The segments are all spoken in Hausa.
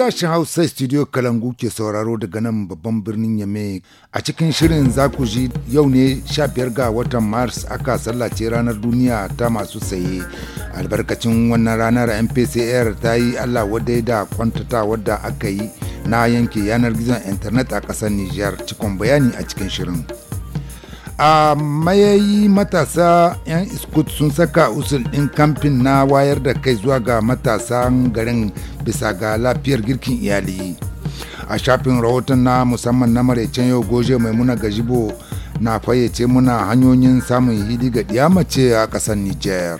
Sashen Hausa Studio Kalangu ke sauraro daga nan babban birnin Yame a cikin shirin zaku ji yau ne 15 ga watan Mars aka sallace ranar duniya ta masu saye. Albarkacin wannan ranar MPCR ta yi Allah wadai da kwantata wadda aka yi na yanke yanar gizon intanet a ƙasar Nijar cikon bayani a cikin shirin. a mayayi matasa 'yan iskut sun saka usul ɗin kamfin na wayar da kai zuwa ga matasan garin bisa ga lafiyar girkin iyali a shafin rahoton na musamman na maraicen yau goje maimuna gajibo na fayyace muna hanyoyin samun hili ga diyamace a ƙasar niger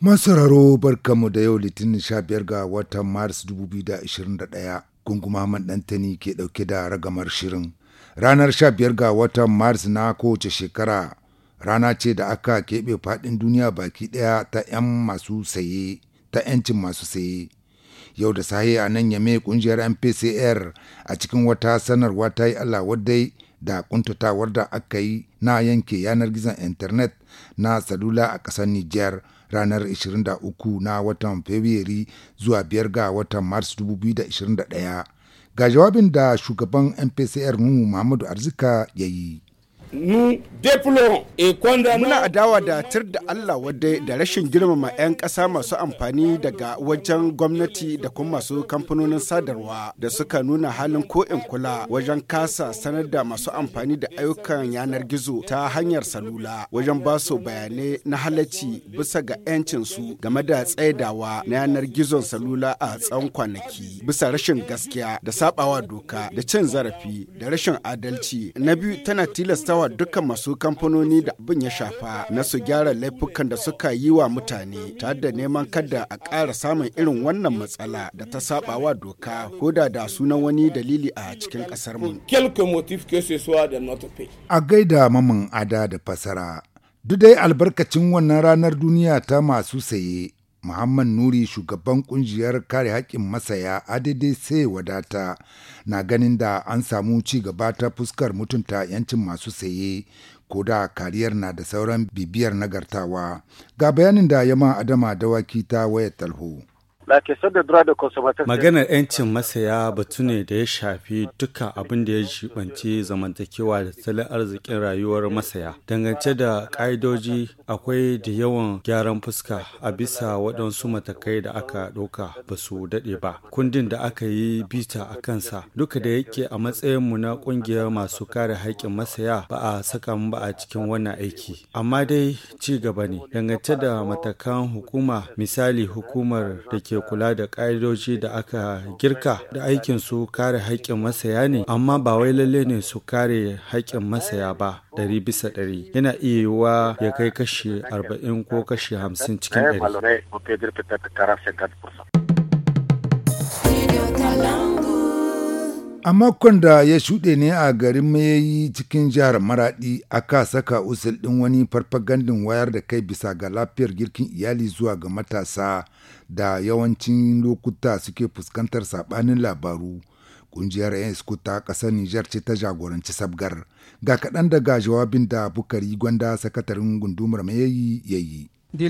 masararo barkamu da yau litinin 15 ga watan maris 2021 gunguma man ɗantani ke ɗauke da ragamar shirin Ranar sha biyar ga watan mars na kowace shekara rana ce da aka keɓe faɗin duniya baki ɗaya ta 'yan masu saye, ta 'yancin masu saye. Yau da sahe a nan yame kungiyar MPCR a cikin wata sanarwa ta yi Allah wadai da kuntatawar da aka yi na yanke yanar gizon intanet na salula a ƙasar niger ranar 23 na watan Fabrairu zuwa 5 ga watan Mars 2021. ga jawabin da shugaban mpcr mu muhammadu arzika ya yi nous déplorons et condamnons muna adawa da tir da Allah wadda da rashin girmama 'yan ƙasa masu amfani daga wajen gwamnati da kuma masu kamfanonin sadarwa da suka nuna halin ko in kula wajen kasa sanar da masu amfani da ayyukan yanar gizo ta hanyar salula wajen ba su bayanai na halacci bisa ga 'yancin su game da tsaidawa na yanar gizon salula a tsawon kwanaki bisa rashin gaskiya da sabawa doka da cin zarafi da rashin adalci na biyu tana tilastawa wa dukkan masu kamfanoni da abin ya shafa na su gyara laifukan da suka yi wa mutane tare da neman kada a ƙara samun irin wannan matsala da ta saba wa doka ko da da sunan wani dalili a cikin ƙasar mu. A gaida mamman ada da fasara. Duk dai albarkacin wannan ranar duniya ta masu saye Muhammad Nuri shugaban kungiyar kare haƙƙin masaya sai wadata na ganin da an samu ci gaba ta fuskar mutunta 'yancin masu saye ko da kariyar na da sauran bibiyar nagartawa ga bayanin da ya yama adama dawaki ta wayar talho. Maganar 'yancin masaya batu ne da ya shafi duka abin da ya shibanci zamantakewa da tattalin arzikin rayuwar masaya. Dangance da ƙa'idoji akwai da yawan gyaran fuska a bisa waɗansu matakai da aka ɗauka ba su daɗe ba. Kundin da aka yi bita a kansa duka da yake a matsayin mu na ƙungiyar masu kare haƙƙin masaya ba a saka mu ba a cikin wannan aiki. Amma dai ci gaba ne dangance da matakan hukuma misali hukumar da ke kula da ƙa'idoji da aka girka da aikin su kare haƙƙin masaya ne amma ba wai lalle ne su kare haƙƙin masaya ba ɗari bisa ɗari yana iya yiwuwa ya kai kashi arba'in ko kashi hamsin cikin ɗari. A makon da ya shuɗe ne a garin mayayi cikin jihar Maraɗi aka saka usul ɗin wani farfagandin wayar da kai bisa ga lafiyar girkin iyali zuwa ga matasa da yawancin lokuta suke fuskantar saɓanin labaru. Ƙungiyar yan ta ƙasar Nijar ce ta jagoranci sabgar. Ga kaɗan daga jawabin da Bukari Gwanda sakatarin gundumar mayayi ya yi. De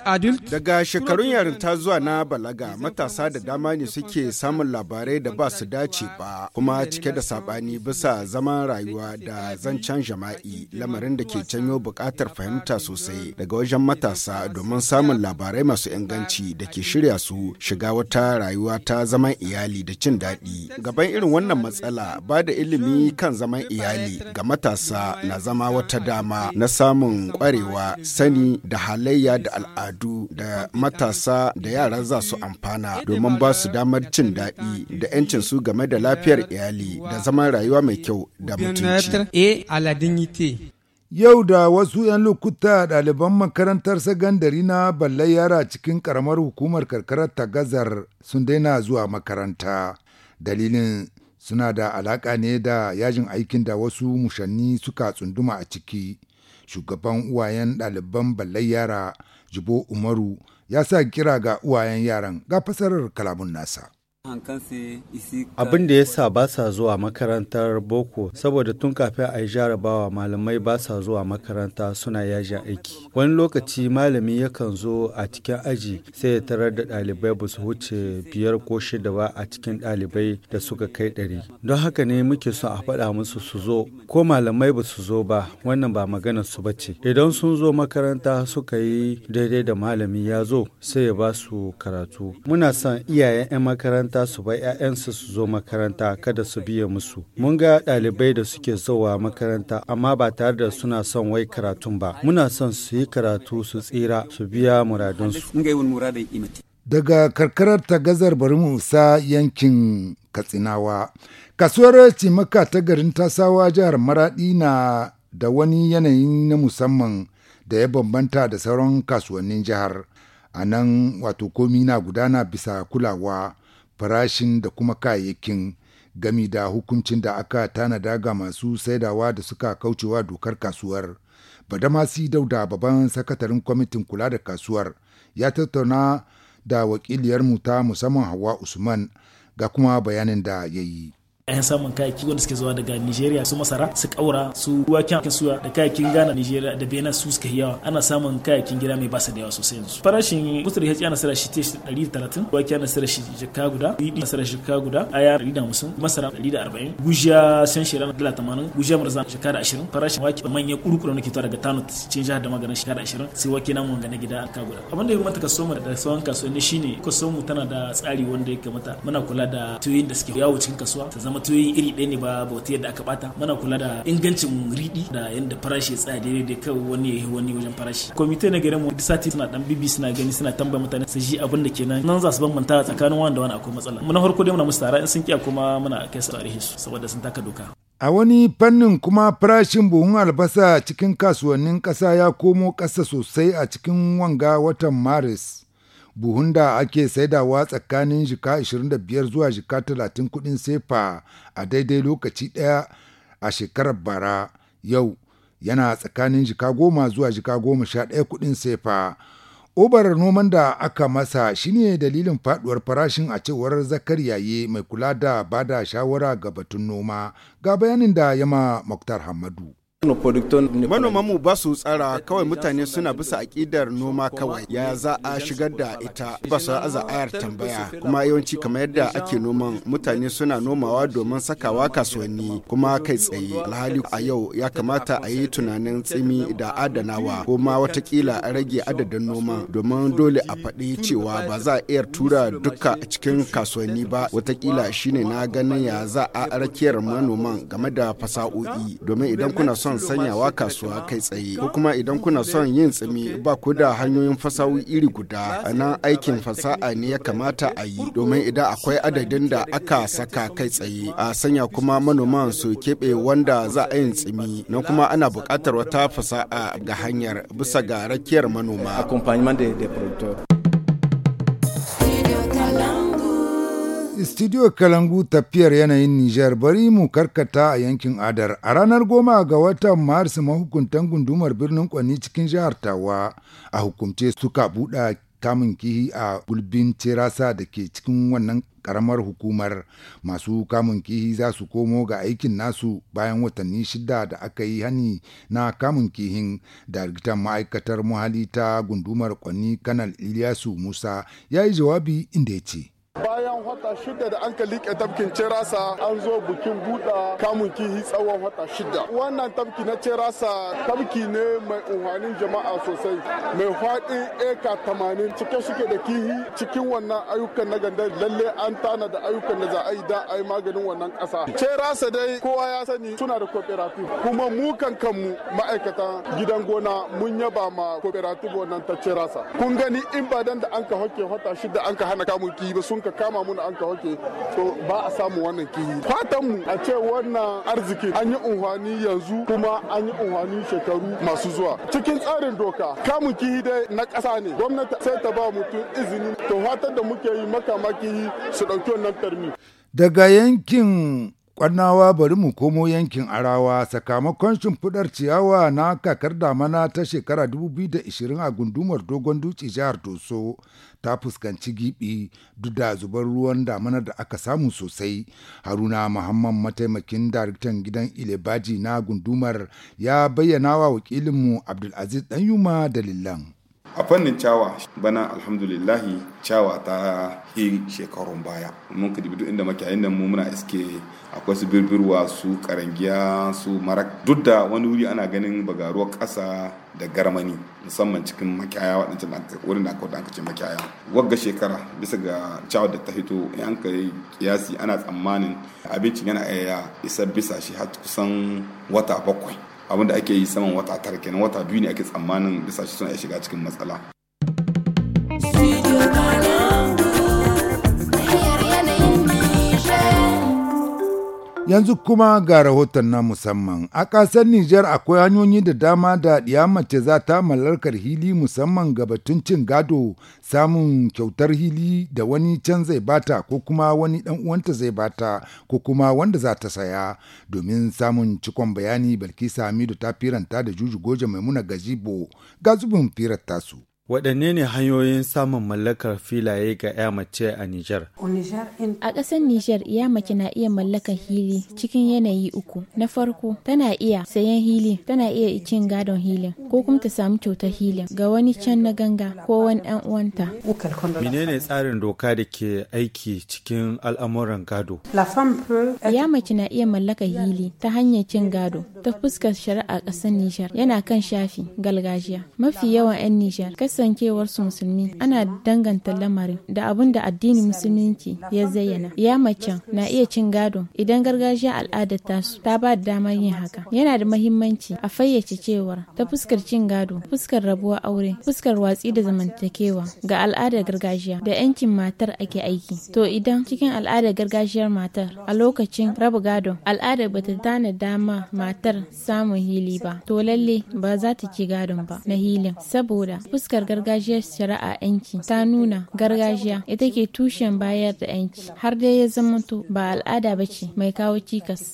à Daga shekarun yarinta zuwa na balaga matasa da dama ne suke samun labarai da ba su dace ba kuma cike da sabani bisa zaman rayuwa da zancen jama'i lamarin da ke canyo bukatar fahimta sosai daga wajen matasa domin samun labarai masu inganci da ke shirya su shiga wata rayuwa ta zaman iyali da cin daɗi. Gaban irin wannan matsala ba da ilimi kan zaman iyali ga matasa na zama wata dama na samun kwarewa sani da da halayya da al'adu da matasa da yara za su amfana domin ba su damar cin daɗi da 'yancin su game da lafiyar iyali da zaman rayuwa mai kyau da mutunci. Yau da wasu 'yan lokuta ɗaliban makarantar sagandari na balle yara cikin ƙaramar hukumar karkarar ta gazar sun daina zuwa makaranta. Dalilin suna da alaƙa ne da yajin aikin da wasu mushanni suka tsunduma a ciki. shugaban uwayen ɗaliban ballai yara jibo umaru ya sa kira ga uwayen yaran ga fasarar kalamun nasa Abin da ya sa ba sa zuwa makarantar boko saboda tun kafin a yi jarabawa malamai ba sa zuwa makaranta suna yajin aiki. Wani lokaci malami yakan zo a cikin aji sai ya tarar da ɗalibai ba su wuce biyar ko shida ba a cikin ɗalibai da suka kai ɗari. Don haka ne muke so a faɗa musu su zo ko malamai ba su zo ba wannan ba maganar su bace. Idan sun zo makaranta suka yi daidai da malami ya zo sai ya ba su karatu. Muna son iyayen 'yan makaranta makaranta su bai 'ya'yansu su zo makaranta kada su biya musu. Mun ga ɗalibai da suke zuwa makaranta amma ba tare da suna son wai karatun ba. Muna son su yi karatu su tsira su biya muradunsu. Daga karkarar ta gazar bari musa yankin Katsinawa. Kasuwar cimaka ta garin tasawa jihar maradi na da wani yanayi na musamman da ya bambanta da sauran kasuwannin jihar. a nan wato komi na gudana bisa kulawa farashin da kuma kayayyakin gami da hukuncin da aka tanada ga masu saidawa da suka kaucewa dokar kasuwar. Badamasi Dauda babban sakatarin kwamitin kula da kasuwar ya tattauna da wakiliyarmu ta musamman Hawa Usman ga kuma bayanin da ya yi. 'yan samun kayaki wanda suke zuwa daga nigeria su masara su kaura su waken suya da kayakin ghana nigeria da benin su suka yi yawa ana samun kayakin gida mai basa da yawa sosai yanzu farashin butur hajji ana sara shi ta shi ɗari talatin wake ana sara shi jaka guda riɗi ana sara shi jaka guda aya 150 masara 140 gujiya san shira dala tamanin gujiya marza jaka da ashirin farashin wake da manyan kurkuru na ke tara daga tano cikin jihar da maganin shekara 20 sai wake namu wanga gida ka guda abinda ya kamata kaso da sauran kasuwanni shine kaso tana da tsari wanda ya kamata muna kula da tuyoyin da suke yawo cikin kasuwa ta zama zama iri ɗaya ne ba bauta yadda aka bata muna kula da ingancin riɗi da yadda farashi ya tsaya daidai kai wani ya wani wajen farashi komite na garin mu duk sati suna dan bibi suna gani suna tambaya mutane su ji abin da kenan nan za su bambanta tsakanin da wani akwai matsala muna farko dai muna musu tara in sun kiya kuma muna kai su tarihi su saboda sun taka doka A wani fannin kuma farashin buhun albasa cikin kasuwannin ƙasa ya komo ƙasa sosai a cikin wanga watan Maris. buhun da ake saidawa tsakanin jika 25 zuwa jika 30 kudin sefa a daidai lokaci ɗaya a shekarar bara yau yana tsakanin jika goma zuwa jika goma sha ɗaya kudin sefa obar noman da aka masa shine dalilin faduwar farashin a cewar zakar yaye mai kula da bada shawara ga batun noma ga bayanin da yama muktar hamadu Manomanmu ba su tsara kawai mutane suna bisa akidar noma kawai ya za a shigar da ita ba su aza ayar tambaya kuma yawanci kamar yadda ake noman mutane suna nomawa domin sakawa kasuwanni kuma kai tsaye alhali a yau ya kamata a yi tunanin tsimi da adanawa ko ma watakila a rage adadin noma domin dole a faɗi cewa ba za a iya tura duka a cikin kasuwanni ba watakila shine na ganin ya za a rakiyar manoman game da fasa'o'i domin idan kuna son son sanyawa kasuwa kai tsaye ko kuma idan kuna son yin tsimi ba ku da hanyoyin fasahu iri guda a nan aikin fasaha ne ya kamata a yi domin idan akwai adadin da aka saka kai tsaye a sanya kuma manoman su keɓe wanda za a yin tsimi na kuma ana bukatar wata fasaha ga hanyar bisa ga rakiyar manoma. studio kalangu tafiyar yanayin Nijar bari mu karkata a yankin Adar a ranar goma ga watan Maris mahukuntan gundumar birnin kwanni cikin jihar Tawa a hukumce suka buɗa kamun kihi a gulbin cerasa da ke cikin wannan karamar hukumar masu kamun kihi za su komo ga aikin nasu bayan watanni shida da aka yi hani na kamun kihin da likitan ma'aikatar muhali ta gundumar kwanni kanal iliyasu musa ya yi jawabi inda ya ce wata shida da an ka liƙe tafkin cerasa an zo bikin buɗa kamun kihi tsawon wata shida wannan tafki na cerasa tafki ne mai unhanin jama'a sosai mai faɗi eka tamanin cike suke da kihi cikin wannan ayyukan na gandar lalle an tana da ayyukan da za a yi da a yi maganin wannan ƙasa cerasa dai kowa ya sani suna da cooperative kuma mu kankan mu ma'aikatan gidan gona mun yaba ma cooperative wannan ta cerasa kun gani in ba dan da an ka wata shida an ka hana kamun kihi ba sun ka kama mu abun an ka wanke so ba a samu wannan kihi fatan mu a ce wannan arziki an yi unhwani yanzu kuma an yi unhwani shekaru masu zuwa cikin tsarin doka kamun kihi dai na ƙasa ne gwamnati sai ta ba mutum izini to fatan da muke yi makama kihi su ɗauki wannan tarmi daga yankin Ƙwannawa bari mu komo yankin Arawa sakamakon shimfiɗar ciyawa na kakar damana ta shekara 2020 a gundumar Dogon Dutse jihar Doso ta fuskanci gibi duk da zubar ruwan damana da aka samu sosai. Haruna Muhammad mataimakin daraktan gidan Ilebaji na gundumar ya bayyana wa wakilinmu Abdulaziz Danyuma dalilan. a fannin cawa bana alhamdulillahi cawa ta yi shekarun baya mun ka dubi inda makiyayin nan mu muna iske akwai su birbirwa su karangiya su marak duk da wani wuri ana ganin bagaruwar kasa da garmani musamman cikin makiyaya waɗancan wurin da aka wadda ce makiyaya wagga shekara bisa ga cawa da ta hito in an kai kiyasi ana tsammanin abincin yana iya isa bisa shi har kusan wata bakwai abin da ake yi saman wata tara kenan wata biyu ne ake tsammanin bisa shi suna shiga cikin matsala. Yanzu kuma ga rahoton na musamman. A ƙasar Nijar akwai hanyoyi da dama da ɗiya mace za ta mallakar hili musamman ga batun cin gado samun kyautar hili da wani can zai bata ko kuma wani dan uwanta zai bata ko kuma wanda za ta saya domin samun cikon bayani balki sami ta firanta da juju goje maimuna gazibo ga zubin firar tasu. Waɗanne ne hanyoyin samun mallakar filaye ga 'ya mace a Nijar? A ƙasar Nijar, 'ya mace na iya mallakar hili cikin yanayi uku. Na farko, tana iya sayan hili, tana iya cin gadon hili, ko kuma ta samu cutar hili ga wani can na ganga ko wani ɗan uwanta. Menene tsarin doka da ke aiki cikin al'amuran gado? Ya mace na iya mallakar hili ta hanyar cin gado ta fuskar shari'a ƙasar Nijar yana kan shafi galgajiya. Mafi yawan 'yan Nijar kasancewar su musulmi ana danganta lamarin da abin da addinin musulminki ya zayyana ya macen na iya cin gado idan gargajiya al'adar tasu ta ba da damar yin haka yana da mahimmanci a fayyace cewar ta fuskar cin gado fuskar rabuwa aure fuskar watsi da zamantakewa ga al'adar gargajiya da yancin matar ake aiki to idan cikin al'adar gargajiyar matar a lokacin raba gado al'adar bata tana dama matar samun hili ba to lalle ba za ta ci gadon ba na hilin saboda fuskar gargajiyar shari'a yanci ta nuna gargajiya ita ke tushen bayar da yanci har dai ya zama to ba al'ada ba ce mai kawo cikas.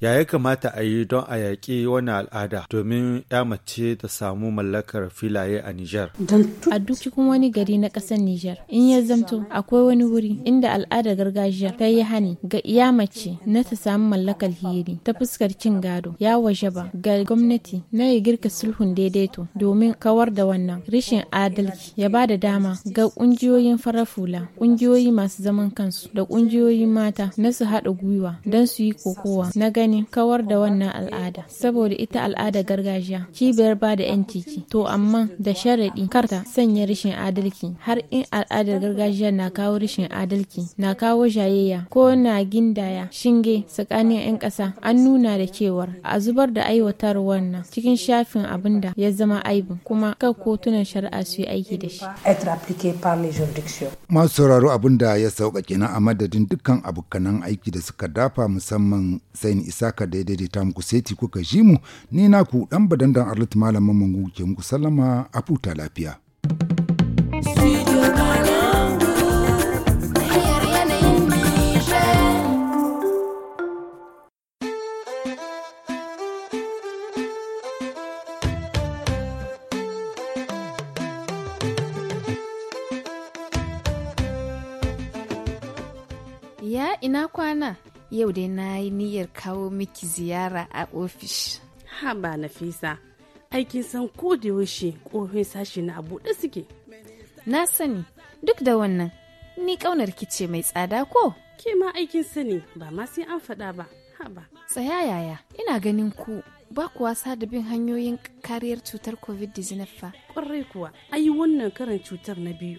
Ya ya kamata a yi don a yaƙi wani al'ada domin ya mace ta samu mallakar filaye a Nijar. A duk cikin wani gari na ƙasar Nijar in ya zamto akwai wani wuri inda al'adar gargajiya ta yi hani ga iya mace na ta samu mallakar hiri ta fuskar cin gado ya waje ba ga gwamnati na ya girka sulhun daidaito domin kawar da wannan rashin adalci ya ba da dama ga kungiyoyin farar fula kungiyoyi masu zaman kansu da kungiyoyin mata na su haɗa gwiwa don su yi kokowa na gani. kawar da wannan al'ada saboda ita al'ada gargajiya cibiyar ba da yanci ce to amma da sharaɗi karta sanya rashin adalci har in al'adar gargajiya na kawo rashin adalci na kawo jayayya ko na gindaya shinge tsakanin 'yan ƙasa an nuna da cewar a zubar da aiwatar wannan cikin shafin abinda ya zama aibin kuma ka kotunan shari'a su yi aiki da shi. Masu sauraro abin da ya sauƙaƙe na a madadin dukkan abokanan aiki da suka dafa musamman sain isaka da ta muku seti kuka ji mu ni ku dan badandan arlit malamin mangu ke muku sallama a lafiya. Studio ina kwana yau dai na yi niyyar kawo miki ziyara a ofis ha ba nafisa aikin san ko da yaushe ƙofin sashi na buɗe suke na sani duk da wannan ni ƙaunar ce mai tsada ko ke ma aikin sani ba ma sai an faɗa ba ba. tsaya yaya ina ganin ku ba ku wasa da bin hanyoyin kariyar cutar covid-19 fa ƙwarai kuwa ayi wannan karin cutar na biyu